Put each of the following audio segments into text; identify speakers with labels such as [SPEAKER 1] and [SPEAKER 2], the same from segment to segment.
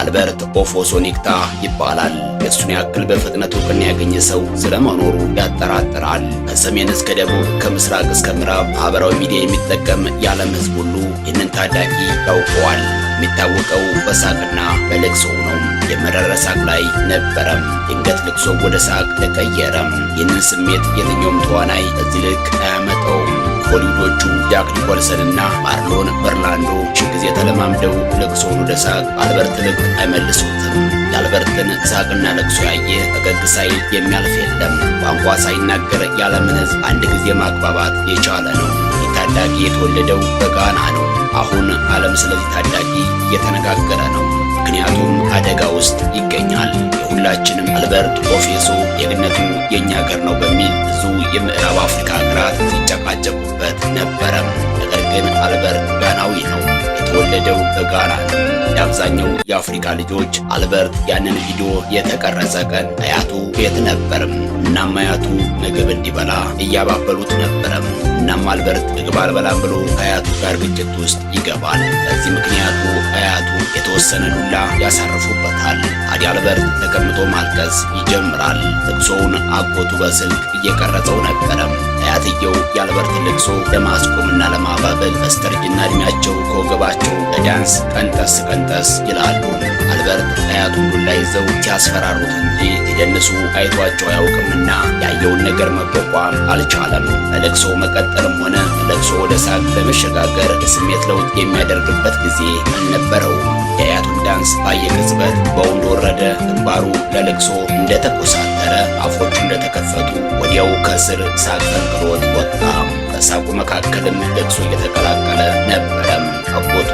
[SPEAKER 1] አልበርት ኦፎሶኒክታ ይባላል። የእሱን ያክል በፍጥነት እውቅና ያገኘ ሰው ስለመኖሩ ያጠራጥራል። ከሰሜን እስከ ደቡብ፣ ከምስራቅ እስከ ምዕራብ ማህበራዊ ሚዲያ የሚጠቀም የዓለም ሕዝብ ሁሉ ይህንን ታዳጊ ያውቀዋል። የሚታወቀው በሳቅና በልቅሶ ነው። የመረረ ሳቅ ላይ ነበረም፣ ድንገት ልቅሶ ወደ ሳቅ ተቀየረም። ይህንን ስሜት የትኛውም ተዋናይ እዚህ ልክ አያመጣውም። ሆሊውዶቹ ጃክ ኒኮልሰንና ማርሎን በርላንዶ ሺ ጊዜ ተለማምደው ለቅሶን ወደ ሳቅ አልበርት ልክ አይመልሱትም። የአልበርትን ሳቅና ለቅሶ ያየ ፈገግ የሚያልፍ የለም። ቋንቋ ሳይናገር የዓለምን ሕዝብ አንድ ጊዜ ማግባባት የቻለ ነው። ታዳጊ የተወለደው በጋና ነው። አሁን ዓለም ስለዚህ ታዳጊ እየተነጋገረ ነው። ምክንያቱም አደጋ ውስጥ ይገኛል። ሁላችንም አልበርት ኦፌሶ ጀግነቱ የእኛ ሀገር ነው በሚል ብዙ የምዕራብ አፍሪካ ሀገራት ሲጨቃጨቁበት ነበረም ነገር ግን አልበርት ጋናዊ ነው። የተወለደው በጋራ ነው። የአብዛኛው የአፍሪካ ልጆች አልበርት ያንን ቪዲዮ የተቀረጸ ቀን አያቱ ቤት ነበርም። እናም አያቱ ምግብ እንዲበላ እያባበሉት ነበረም። እናም አልበርት ምግብ አልበላም ብሎ አያቱ ጋር ግጭት ውስጥ ይገባል። በዚህ ምክንያቱ አያቱ የተወሰነ ዱላ ያሳርፉበታል። አዲ አልበርት ተቀምጦ ማልቀስ ይጀምራል። ጥቅሶውን አጎቱ በስልክ እየቀረጸው ነበረም። አያትየው የአልበርት ልቅሶ ለማስቆምና ለማባበል በስተርጅና እድሜያቸው ከወገባቸው ለዳንስ ቀንጠስ ቀንጠስ ይላሉ። አልበርት አያቱን ዱላ ይዘው ሲያስፈራሩት እንጂ ሲደንሱ አይቷቸው አያውቅምና ያየውን ነገር መቋቋም አልቻለም። ለልቅሶ መቀጠልም ሆነ ለልቅሶ ወደ ሳቅ በመሸጋገር ስሜት ለውጥ የሚያደርግበት ጊዜ አልነበረውም። የአያቱን ዳንስ ባየ ቅጽበት በወንድ ወረደ። ግንባሩ ለልቅሶ እንደተቆሳጠረ፣ አፎቹ እንደተከፈቱ ወዲያው ከስር ሳቅ ፈንቅሮት ወጣ። ከሳቁ መካከልም ልቅሶ እየተቀላቀለ ነበረም። አጎቱ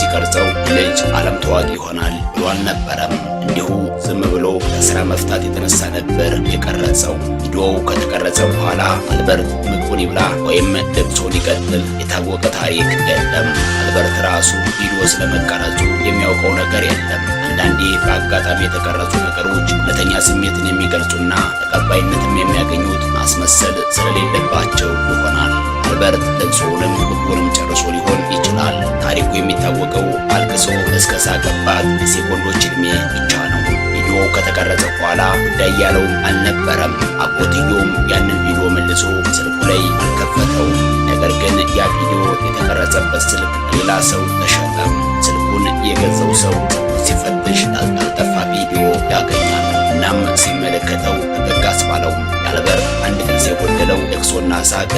[SPEAKER 1] ሲቀርጸው ልጅ ዓለም ታዋቂ ይሆናል ብሎ አልነበረም። እንዲሁ ዝም ብሎ ለስራ መፍታት የተነሳ ነበር የቀረጸው። ቪዲዮው ከተቀረጸ በኋላ አልበርት ምግቡን ይብላ ወይም ልብሶ ይቀጥል የታወቀ ታሪክ የለም። አልበርት ራሱ ቪዲዮ ስለመቀረጹ የሚያውቀው ነገር የለም። አንዳንዴ በአጋጣሚ የተቀረጹ ነገሮች እውነተኛ ስሜትን የሚገልጹና ተቀባይነትም የሚያገኙት ማስመሰል ስለሌለባቸው ይሆናል። አልበርት ልቅሶውንም ብኩንም ጨርሶ ሊሆን ይችላል። ታሪኩ የሚታወቀው አልቅሶ እስከ ሳቀባት የሴኮንዶች ዕድሜ ብቻ ነው። ቪዲዮ ከተቀረጸ በኋላ ጉዳይ ያለው አልነበረም። አጎትዮውም ያንን ቪዲዮ መልሶ ስልኩ ላይ አልከፈተው። ነገር ግን ያ ቪዲዮ የተቀረጸበት ስልክ ሌላ ሰው ተሸጠ። ስልኩን የገዛው ሰው ሲፈትሽ ያልጠፋ ቪዲዮ ያገኛል። እናም ሲመለከተው ተጋስ ባለው ያልበር የጎደለው ለቅሶና ሳቅ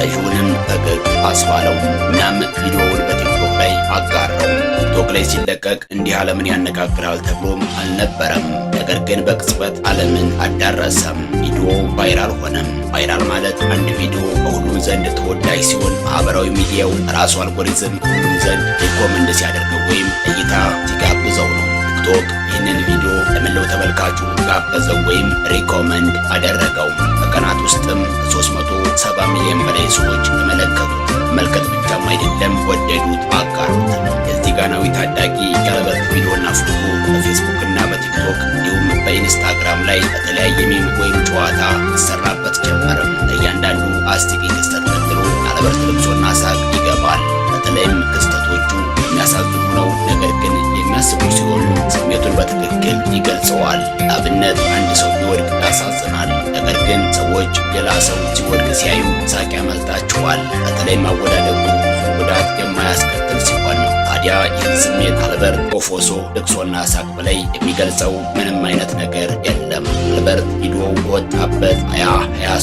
[SPEAKER 1] ፈገግ አስባለው። እናም ቪዲዮውን በቲክቶክ ላይ አጋራው። ቲክቶክ ላይ ሲለቀቅ እንዲህ ዓለምን ያነጋግራል ተብሎም አልነበረም። ነገር ግን በቅጽበት ዓለምን አዳረሰም። ቪዲዮ ቫይራል ሆነም። ቫይራል ማለት አንድ ቪዲዮ በሁሉም ዘንድ ተወዳጅ ሲሆን ማህበራዊ ሚዲያው ራሱ አልጎሪዝም ሁሉም ዘንድ ሪኮመንድ ሲያደርገው ወይም እይታ ሲጋብዘው ነው። ቲክቶክ ይህንን ቪዲዮ ለመላው ተመልካቹ ጋበዘው ወይም ሪኮመንድ አደረገው። እንዳገኙት ማጋሩት። የዚህ ጋናዊ ታዳጊ ቀለበት ቪዲዮና ፎቶ በፌስቡክ እና በቲክቶክ እንዲሁም በኢንስታግራም ላይ በተለያየ ሚም ወይም ጨዋታ ይሰራበት ጀመረ። ለእያንዳንዱ አስቲቪ ክስተት ተከትሎ አለበርት ልብሶና ሳቅ ይገባል። በተለይም ክስተቶቹ የሚያሳዝኑ ነው፣ ነገር ግን የሚያስቡ ሲሆኑ ስሜቱን በትክክል ይገልጸዋል። ለአብነት አንድ ሰው ቢወድቅ ያሳዝናል፣ ነገር ግን ሰዎች ሌላ ሰው ሲወድቅ ሲያዩ ሳቅ ያመልጣቸዋል። በተለይም አወዳደቁ ኢትዮጵያ ይህን ስሜት አልበርት ኦፎሶ ልቅሶና ሳቅ በላይ የሚገልጸው ምንም አይነት ነገር የለም። አልበርት ሂዶ በወጣበት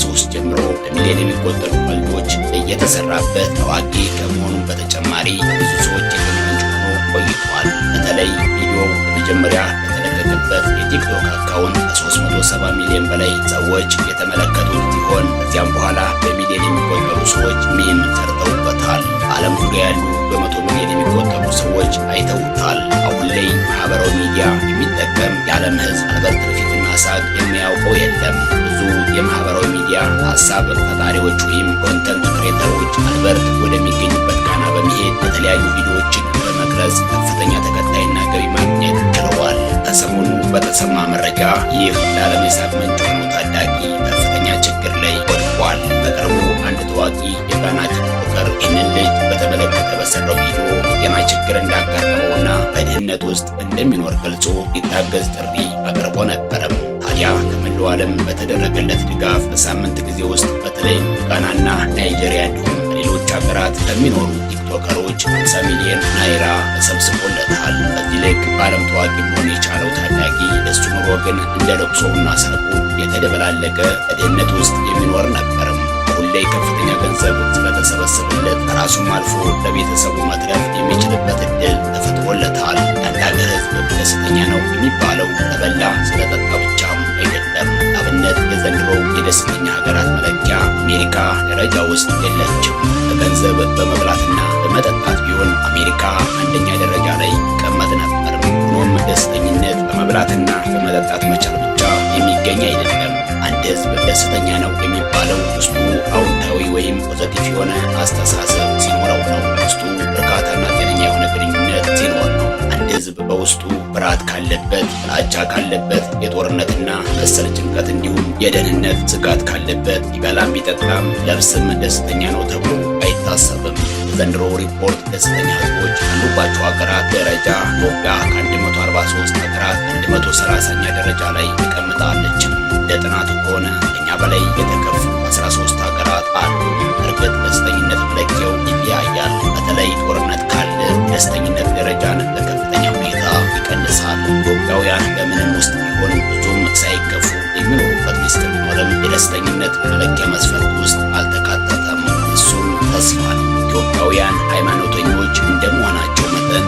[SPEAKER 1] ሶስት ጀምሮ በሚሊዮን የሚቆጠሩ መልዶች እየተሰራበት ታዋቂ ከመሆኑ በተጨማሪ ብዙ ሰዎች የተመንጭ ሆኖ ቆይተዋል። በተለይ ቪዲዮው መጀመሪያ የተገኘበት የቲክቶክ አካውንት ከ370 ሚሊዮን በላይ ሰዎች የተመለከቱት ሲሆን ከዚያም በኋላ በሚሊዮን የሚቆጠሩ ሰዎች ሚም ሰርተውበታል። ዓለም ዙሪያ ያሉ በመቶ ሚሊዮን የሚቆጠሩ ሰዎች አይተውታል። አሁን ላይ ማህበራዊ ሚዲያ የሚጠቀም የዓለም ሕዝብ አልበርት ትርፊትና ሳቅ የሚያውቀው የለም። ብዙ የማህበራዊ ሚዲያ ሀሳብ ፈጣሪዎች ወይም ኮንተንት ክሬተሮች አልበርት ወደሚገኙበት ጋና በመሄድ የተለያዩ ቪዲዮዎችን በመቅረጽ ከፍተኛ ተከታይና ገቢ ማግኘት ችለዋል። በተሰማ መረጃ ይህ ለዓለም የሳቅ ምንጭ ሆኖ ታዳጊ ከፍተኛ ችግር ላይ ወድቋል። በቅርቡ አንድ ታዋቂ የጋና ቲክቶከር ይህንን ልጅ በተመለከተ በሰራው ቪዲዮ የጤና ችግር እንዳጋጠመውና በድህነት ውስጥ እንደሚኖር ገልጾ ይታገዝ ጥሪ አቅርቦ ነበረም። ታዲያ ከመላው ዓለም በተደረገለት ድጋፍ በሳምንት ጊዜ ውስጥ በተለይ ጋናና ናይጄሪያ እንዲሁም ሌሎች ሀገራት ለሚኖሩ ቲክቶከሮች 50 ሚሊዮን ናይራ ተሰብስቦለታል። በዚህ ልክ በዓለም ታዋቂ መሆን የቻለው ታዳጊ እሱ ኑሮ ግን እንደ ለቅሶውና የተደበላለቀ በድህነት ውስጥ የሚኖር ነበርም። ሁሌ ከፍተኛ ገንዘብ ስለተሰበሰበለት ራሱም አልፎ ለቤተሰቡ መትረፍ የሚችልበት እድል ተፈጥሮለታል። ያንዳገ ህዝብ ደስተኛ ነው የሚባለው ተበላ ስለጠጣ ብቻም አይደለም። አብነት የዘንድሮው የደስተኛ ሀገራት መለኪያ አሜሪካ ደረጃ ውስጥ የለችም። በገንዘብ በመብላትና በመጠጣት ቢሆን አሜሪካ አንደኛ ደረጃ ላይ ይቀመጥ ነበር ሆኖም ደስተኝነት በመብላትና በመጠጣት መቻል ብቻ የሚገኝ አይደለም። አንድ ህዝብ ደስተኛ ነው የሚባለው ውስጡ አውንታዊ ወይም ፖዘቲቭ የሆነ አስተሳሰብ ሲኖረው ነው። ውስጡ እርካታና ጤነኛ የሆነ ግንኙነት ሲኖር ነው። አንድ ህዝብ በውስጡ ፍርሃት ካለበት፣ ጥላቻ ካለበት፣ የጦርነትና መሰል ጭንቀት እንዲሁም የደህንነት ስጋት ካለበት ቢበላም ቢጠጣም ለብስም ደስተኛ ነው ተብሎ አይታሰብም። ዘንድሮ ሪፖርት ደስተኛ ህዝቦች ያሉባቸው ሀገራት ደረጃ ኢትዮጵያ ከ143 ሀገራት 130ኛ ደረጃ ላይ ትቀምጣለች። እንደ ጥናቱ ከሆነ እኛ በላይ የተከፉ 13 ሀገራት አሉ። እርግጥ ደስተኝነት መለኪያው ይለያያል። በተለይ ጦርነት ካለ ደስተኝነት ደረጃን በከፍተኛ ሁኔታ ይቀንሳል። ኢትዮጵያውያን በምንም ውስጥ ቢሆን ብዙም ሳይከፉ የሚኖሩበት ሚስጥር ቢኖርም የደስተኝነት መለኪያ ኢትዮጵያውያን ሃይማኖተኞች እንደመሆናቸው መጠን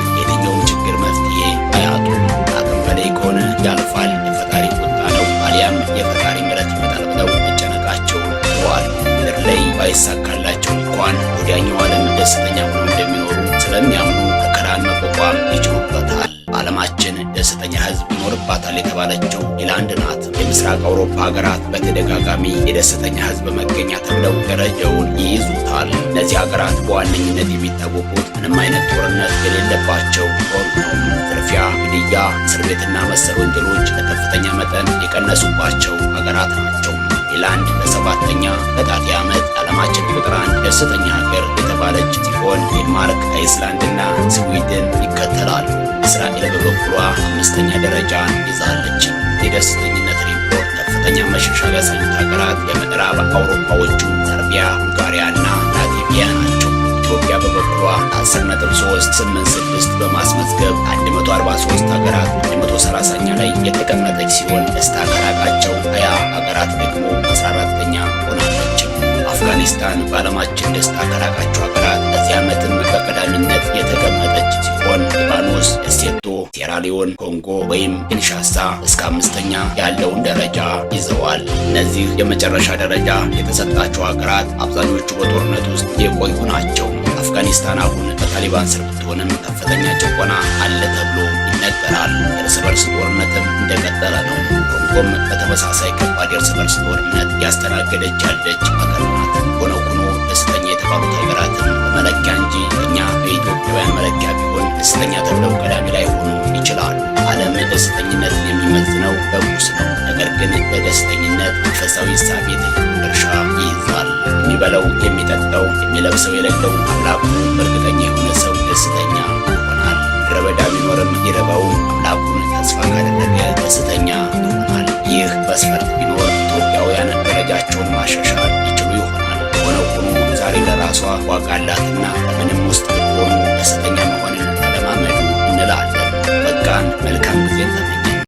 [SPEAKER 1] የተባለችው ኢርላንድ ናት። የምስራቅ አውሮፓ ሀገራት በተደጋጋሚ የደስተኛ ህዝብ መገኛ ተብለው ደረጃውን ይይዙታል። እነዚህ ሀገራት በዋነኝነት የሚታወቁት ምንም አይነት ጦርነት የሌለባቸው ሆኖም ዝርፊያ፣ ግድያ፣ እስር ቤትና መሰል ወንጀሎች በከፍተኛ መጠን የቀነሱባቸው ሀገራት ናቸው። ኒውዚላንድ ለሰባተኛ ተከታታይ ዓመት ዓለማችን ቁጥር አንድ ደስተኛ ሀገር የተባለች ሲሆን ዴንማርክ፣ አይስላንድና ስዊድን ይከተላሉ። እስራኤል በበኩሏ አምስተኛ ደረጃ ይዛለች። የደስተኝነት ሪፖርት ከፍተኛ መሻሻል ያሳዩት ሀገራት የምዕራብ አውሮፓዎቹ 10.386 በማስመዝገብ 143 ሀገራት 130ኛ ላይ የተቀመጠች ሲሆን እስታቀራቃቸው 20 ሀገራት ደግሞ 14ኛ ሆናለች። አፍጋኒስታን በዓለማችን ደስታ ከራቃቸው ሀገራት በዚህ ዓመትም በቀዳሚነት የተቀመጠች ሲሆን ሊባኖስ፣ ደሴቶ፣ ሴራሊዮን፣ ኮንጎ ወይም ኪንሻሳ እስከ አምስተኛ ያለውን ደረጃ ይዘዋል። እነዚህ የመጨረሻ ደረጃ የተሰጣቸው ሀገራት አብዛኞቹ በጦርነት ውስጥ የቆዩ ናቸው። አፍጋኒስታን አሁን በታሊባን ስር ብትሆንም ከፍተኛ ጭቆና አለ ተብሎ ይነገራል። የእርስ በርስ ጦርነትም እንደቀጠለ ነው። ኮንጎም በተመሳሳይ ከባድ የእርስ በርስ ጦርነት ያስተናገደች ያለች አገር ናት። ሆነ ሆኖ ደስተኛ የተባሉት ሀገራትም መለኪያ እንጂ እኛ በኢትዮጵያውያን መለኪያ ቢሆን ደስተኛ ተብለው ቀዳሚ ላይ ሆኑ ይችላል። ዓለም ደስተኝነትን የሚመዝነው በጉስ ነው። ነገር ግን በደስተኝነት መንፈሳዊ ሳቤት እርሻ ይይዟል። የሚበላው፣ የሚጠጣው፣ የሚለብሰው የሌለው አምላኩ እርግጠኛ የሆነ ሰው ደስተኛ ይሆናል። ረበዳ ቢኖርም ይረባው አምላኩን ተስፋ ካደረገ ደስተኛ ይሆናል። ይህ መስፈርት ቢኖር ኢትዮጵያውያን ደረጃቸውን ማሻሻል ይችሉ ይሆናል። ሆነ ሆኖ ዛሬ ለራሷ ዋጋ አላት።